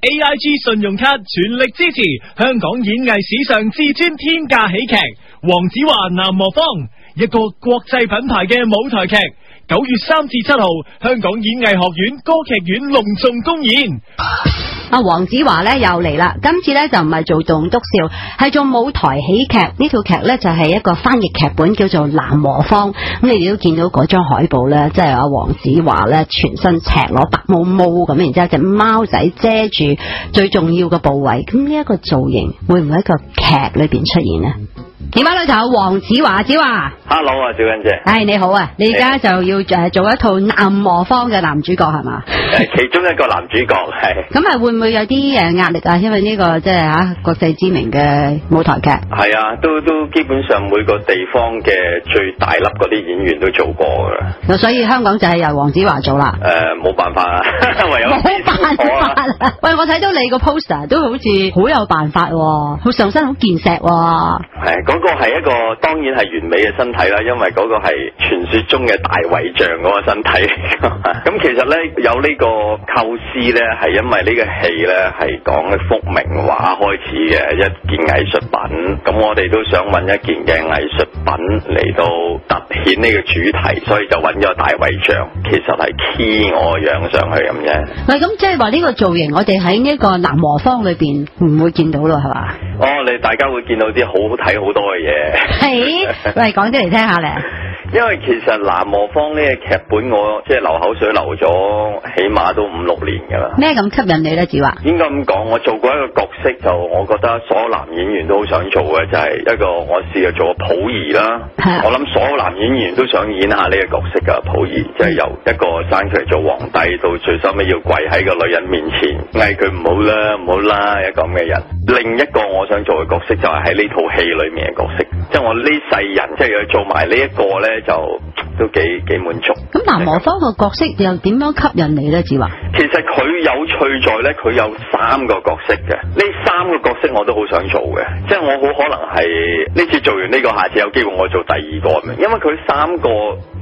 AIG 信用卡全力支持香港演藝史上至尊天價喜劇《黃子華南無方》，一個國際品牌嘅舞台劇，九月三至七號，香港演藝學院歌劇院隆重公演。阿黃子華咧又嚟啦，今次咧就唔係做棟篤笑，係做舞台喜劇。呢套劇咧就係一個翻譯劇本，叫做《南和方》。咁你哋都見到嗰張海報咧，即係阿黃子華咧，全身赤裸，白毛毛咁，然之後隻貓仔遮住最重要嘅部位。咁呢一個造型會唔會喺個劇裏邊出現呢？嚟埋啦，就有黃子華，子華。Hello 啊，小欣姐。哎，你好啊，你而家就要誒做一套《南無方》嘅男主角係嘛？係 其中一個男主角係。咁啊，會唔會有啲誒壓力啊？因為呢、這個即係吓國際知名嘅舞台劇。係啊，都都基本上每個地方嘅最大粒嗰啲演員都做過㗎。咁、嗯、所以香港就係由黃子華做啦。誒、呃，冇辦法啦、啊，唯有、啊。冇辦法啦、啊。喂，我睇到你個 poster 都好似好有辦法喎、啊，佢上身好健碩。係、啊。哎嗰個係一個當然係完美嘅身體啦，因為嗰個係傳説中嘅大衛像嗰個身體。咁 其實呢，有呢個構思呢，係因為呢個戲呢，係講一幅名畫開始嘅一件藝術品。咁我哋都想揾一件嘅藝術品嚟到突顯呢個主題，所以就揾咗大衛像。其實係 key 我樣上去咁樣。唔係，咁即係話呢個造型，我哋喺呢個南和坊裏邊唔會見到咯，係嘛？哦，你哋大家會見到啲好睇好多嘅嘢嗎。係 喂，講出嚟聽下咧。 因為其實《南無方》呢個劇本，我即係流口水流咗，起碼都五六年噶啦。咩咁吸引你呢？子華？應該咁講，我做過一個角色，就我覺得所有男演員都好想做嘅，就係、是、一個我試啊過做個溥儀啦。啊、我諗所有男演員都想演下呢個角色噶溥儀，即、就、係、是、由一個生出嚟，做皇帝，到最收尾要跪喺個女人面前，嗌佢唔好啦，唔好啦，一個咁嘅人。另一個我想做嘅角色就係喺呢套戲裏面嘅角色。即係我呢世人，即係要做埋呢一個呢，就都幾幾滿足。咁南柯方個角色又點樣吸引你呢？子華？其實佢有趣在呢，佢有三個角色嘅，呢三個角色我都好想做嘅。即係我好可能係呢次做完呢個，下次有機會我做第二個，因為佢三個。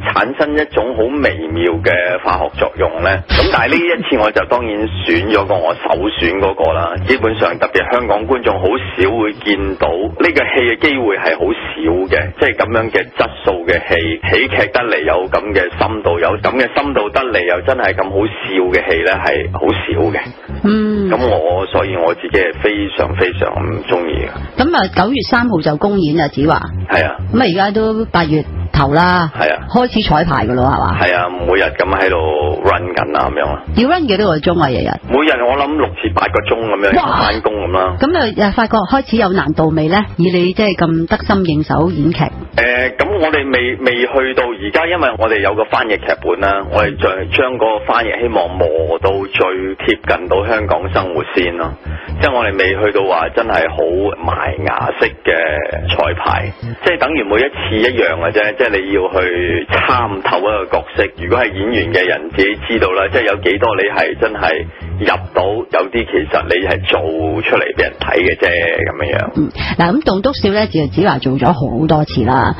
產生一種好微妙嘅化學作用呢。咁但係呢一次我就當然選咗個我首選嗰個啦。基本上特別香港觀眾好少會見到呢個戲嘅機會係好少嘅，即係咁樣嘅質素嘅戲，喜劇得嚟有咁嘅深度，有咁嘅深度得嚟又真係咁好笑嘅戲呢係好少嘅。嗯，咁我所以我自己係非常非常唔中意嘅。咁啊，九月三號就公演啊，子華。係啊，咁啊，而家都八月。頭啦，係啊，開始彩排噶咯，係嘛？係啊，每日咁喺度 run 緊啊，咁樣啊，要 run 幾多個鐘啊？日日，每日，每日我諗六至八個鐘咁樣翻工咁啦，咁又又發覺開始有難度未咧？以你即係咁得心應手演劇，誒、呃，咁我哋未未去到而家，因為我哋有個翻譯劇本啦，我哋再將個翻譯希望磨到最貼近到香港生活先咯。即係我哋未去到話真係好賣牙式嘅彩排，即係等於每一次一樣嘅啫。即係你要去參透一個角色，如果係演員嘅人自己知道啦，即係有幾多你係真係入到，有啲其實你係做出嚟俾人睇嘅啫咁樣樣。嗯，嗱咁棟篤笑呢就子華做咗好多次啦，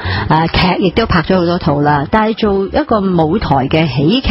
誒劇亦都拍咗好多套啦，但係做一個舞台嘅喜劇。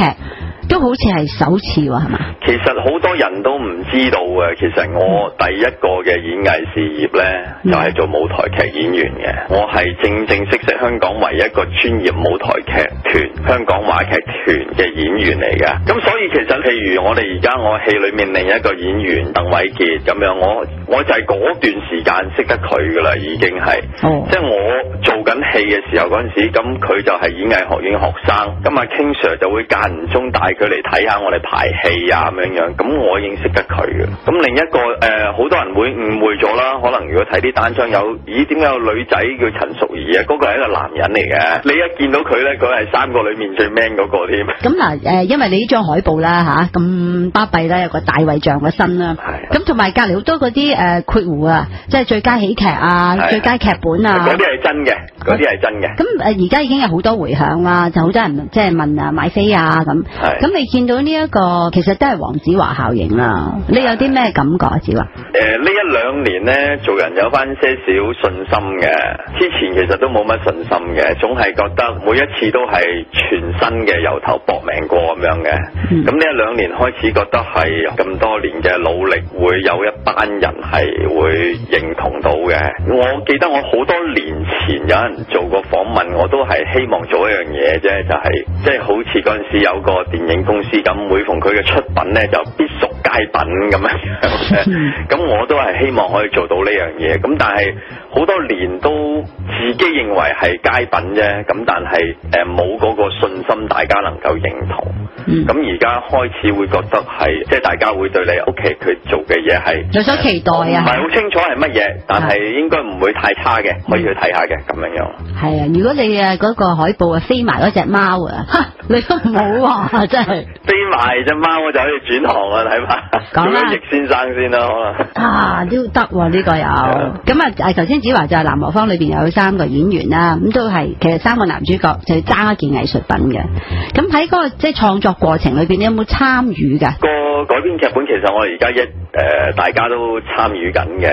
都好似係首次喎，係嘛？其實好多人都唔知道嘅，其實我第一個嘅演藝事業呢，就係、是、做舞台劇演員嘅。嗯、我係正正式式香港唯一一個專業舞台劇團香港話劇團嘅演員嚟嘅。咁所以其實譬如我哋而家我戲裏面另一個演員鄧偉傑，咁樣我，我我就係嗰段時間識得佢㗎喇，已經係，哦、即係我。演戲嘅時候嗰陣時，咁佢就係演藝學院學生，咁阿 King Sir 就會間唔中帶佢嚟睇下我哋排戲啊咁樣樣，咁我已經識得佢嘅。咁另一個誒、好、呃、多人會誤會咗啦，可能如果睇啲單張有，咦，點解有女仔叫陳淑儀啊？嗰、那個係一個男人嚟嘅。你一見到佢咧，佢係三個裏面最 man 嗰個添。咁嗱，誒、呃，因為你呢張海報啦吓，咁巴閉咧，有個大衛像嘅身啦。咁同埋隔籬好多嗰啲誒括弧啊，即係最佳喜劇啊，的最佳劇本啊，嗰啲係真嘅，嗰啲係真嘅。咁誒而家已經有好多迴響啦、啊，就好多人即係問啊買飛啊咁。咁的你見到呢、這、一個其實都係黃子華效應啦。你有啲咩感覺啊？子華？誒、呃、呢一兩年咧，做人有翻些少信心嘅。之前其實都冇乜信心嘅，總係覺得每一次都係全新嘅由頭搏命過咁樣嘅。咁呢、嗯、一兩年開始覺得係咁多年嘅努力。會有一班人係會認同到嘅。我記得我好多年前有人做過訪問，我都係希望做一樣嘢啫，就係即係好似嗰陣時有個電影公司咁，每逢佢嘅出品咧，就必須。佳品咁樣，咁我都係希望可以做到呢樣嘢。咁但係好多年都自己認為係佳品啫。咁但係誒冇嗰個信心，大家能夠認同。咁而家開始會覺得係，即係大家會對你屋企佢做嘅嘢係有所期待啊。唔係好清楚係乜嘢，但係應該唔會太差嘅，可以去睇下嘅咁樣樣。係啊，如果你誒嗰個海報啊，飛埋嗰隻貓啊。你都冇啊！真係飛埋隻貓，我就可以轉行啊！睇下，咁啊說，易先生先咯，好嘛。啊，都得呢個有。咁啊， 啊頭先子華就係《南無方》裏邊有三個演員啦、啊。咁都係其實三個男主角就爭一件藝術品嘅。咁喺嗰個即係、即係、創作過程裏邊，你有冇參與㗎？改編劇本其實我哋而家一誒、呃、大家都參與緊嘅，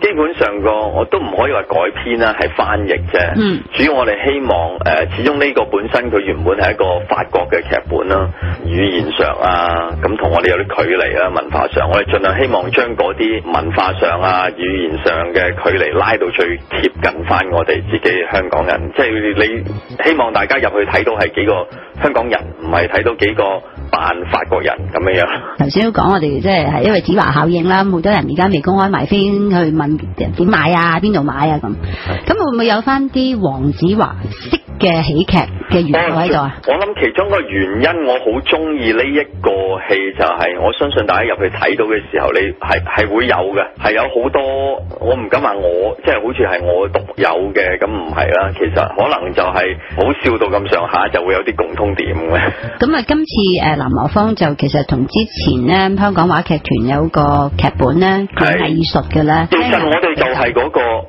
基本上個我都唔可以話改編啦，係翻譯啫。嗯，主要我哋希望誒、呃、始終呢個本身佢原本係一個法國嘅劇本啦，語言上啊，咁同我哋有啲距離啦、啊，文化上，我哋盡量希望將嗰啲文化上啊、語言上嘅距離拉到最貼近翻我哋自己香港人，即、就、係、是、你希望大家入去睇到係幾個香港人，唔係睇到幾個。扮法國人咁樣，頭先都講我哋即係係因為子華效應啦，好多人而家未公開埋先去問點買啊？邊度買啊咁，咁是會唔會有翻啲黃子華式嘅喜劇？嘅原因喺度啊！我諗其中一個原因我個，就是，我好中意呢一個戲就係我相信大家入去睇到嘅時候，你係係會有嘅，係有多好多我唔敢話我即係好似係我獨有嘅，咁唔係啦。其實可能就係好笑到咁上下，就會有啲共通點嘅，嗯。咁、嗯、啊，今次誒、呃、南無方就其實同之前咧香港話劇團有個劇本咧，佢藝術嘅咧。其實我哋就係個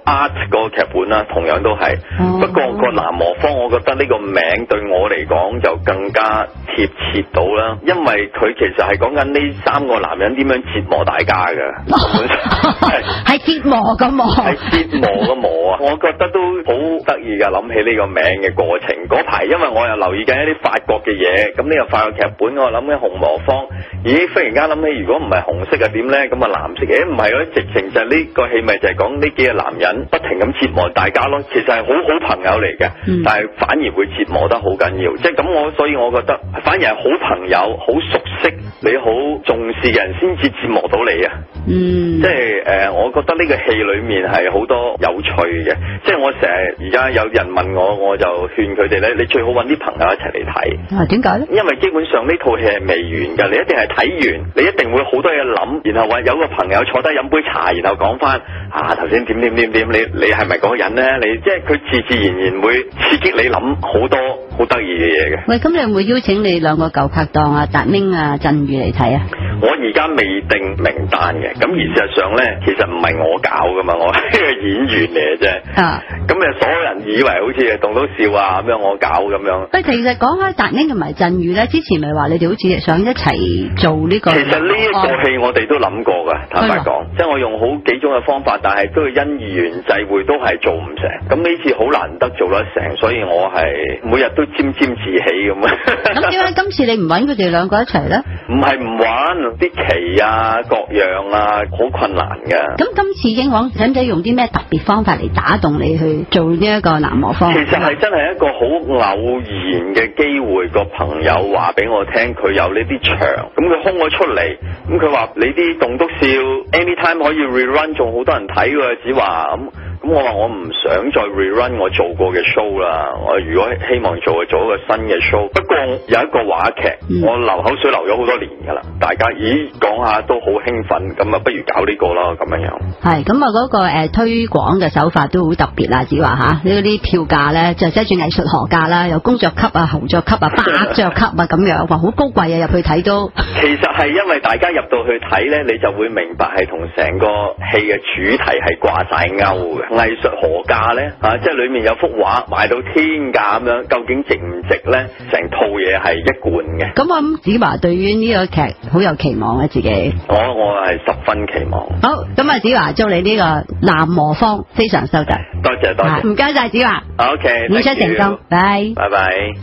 art 個劇本啦，同樣都係、哦、不過個、嗯、南無方，我覺得呢個名。名對我嚟講就更加貼切到啦，因為佢其實係講緊呢三個男人點樣折磨大家嘅，係折、啊、 磨嘅 磨，係折磨個磨啊！我覺得都好得意噶，諗起呢個名嘅過程。嗰排因為我又留意緊一啲法國嘅嘢，咁呢個法國劇本我諗起紅魔方，咦，忽然間諗起如果唔係紅色係點咧？咁啊藍色？嘅，唔係咯，直情就係呢個戲咪就係講呢幾個男人不停咁折磨大家咯。其實係好好朋友嚟嘅，嗯、但係反而會折磨。我覺得好緊要，即係咁，我所以我覺得，反而係好朋友、好熟悉、你好重視嘅人，先至折磨到你啊！嗯，即係誒、呃，我覺得呢個戲裏面係好多有趣嘅，即係我成日而家有人問我，我就勸佢哋咧，你最好揾啲朋友一齊嚟睇。啊，點解咧？因為基本上呢套戲係未完㗎，你一定係睇完，你一定會好多嘢諗，然後話有個朋友坐低飲杯茶，然後講翻啊，頭先點點點點，你你係咪嗰個人呢？你即係佢自自然然會刺激你諗好多。好得意嘅嘢嘅。喂，咁你有冇邀請你兩個舊拍檔啊達明啊振宇嚟睇啊？我而家未定名單嘅，咁而事實上咧，其實唔係我搞噶嘛，我係演員嚟嘅啫。吓、啊，咁誒，所有人以為好似係棟篤笑啊，咁樣我搞咁樣。喂，其實講開達英同埋振宇咧，之前咪話你哋好似想一齊做呢、呢個，其實呢一個戲我哋都諗過噶，哦、坦白講，哦、即係我用好幾種嘅方法，但係都係因緣際會都係做唔成。咁呢次好難得做得成，所以我係每日都沾沾自喜咁啊！咁點解今次你唔揾佢哋兩個一齊咧？唔係唔揾。啲棋啊，各樣啊，好困難㗎。咁今次英皇使唔使用啲咩特別方法嚟打動你去做呢一個南魔方？其實係真係一個好偶然嘅機會，個朋友話俾我聽，佢有呢啲場，咁佢空咗出嚟，咁佢話你啲棟篤笑，anytime 可以 rerun，仲好多人睇喎，子華咁。咁我話我唔想再 re run 我做過嘅 show 啦，我如果希望做嘅做一個新嘅 show。不過有一個話劇，嗯、我流口水流咗好多年噶啦。大家咦講下都好興奮，咁啊不如搞呢個咯咁樣樣。係咁啊嗰個誒、呃、推廣嘅手法都好特別啊，子華吓，呢啲票價咧就即係藝術學價啦，有工作級啊、紅著級啊、白著級啊咁樣， 哇好高貴啊入去睇都。其實係因為大家入到去睇咧，你就會明白係同成個戲嘅主題係掛晒鈎嘅。藝術何價咧？啊，即係裏面有幅畫賣到天價咁樣，究竟值唔值咧？成套嘢係一貫嘅。咁啊，我諗子華對於呢個劇好有期望啊。自己。哦、我我係十分期望。好，咁啊，子華祝你呢個南摩方非常收得。多謝多、啊、謝，謝。唔該晒子華。O K，演出成功，拜。拜拜。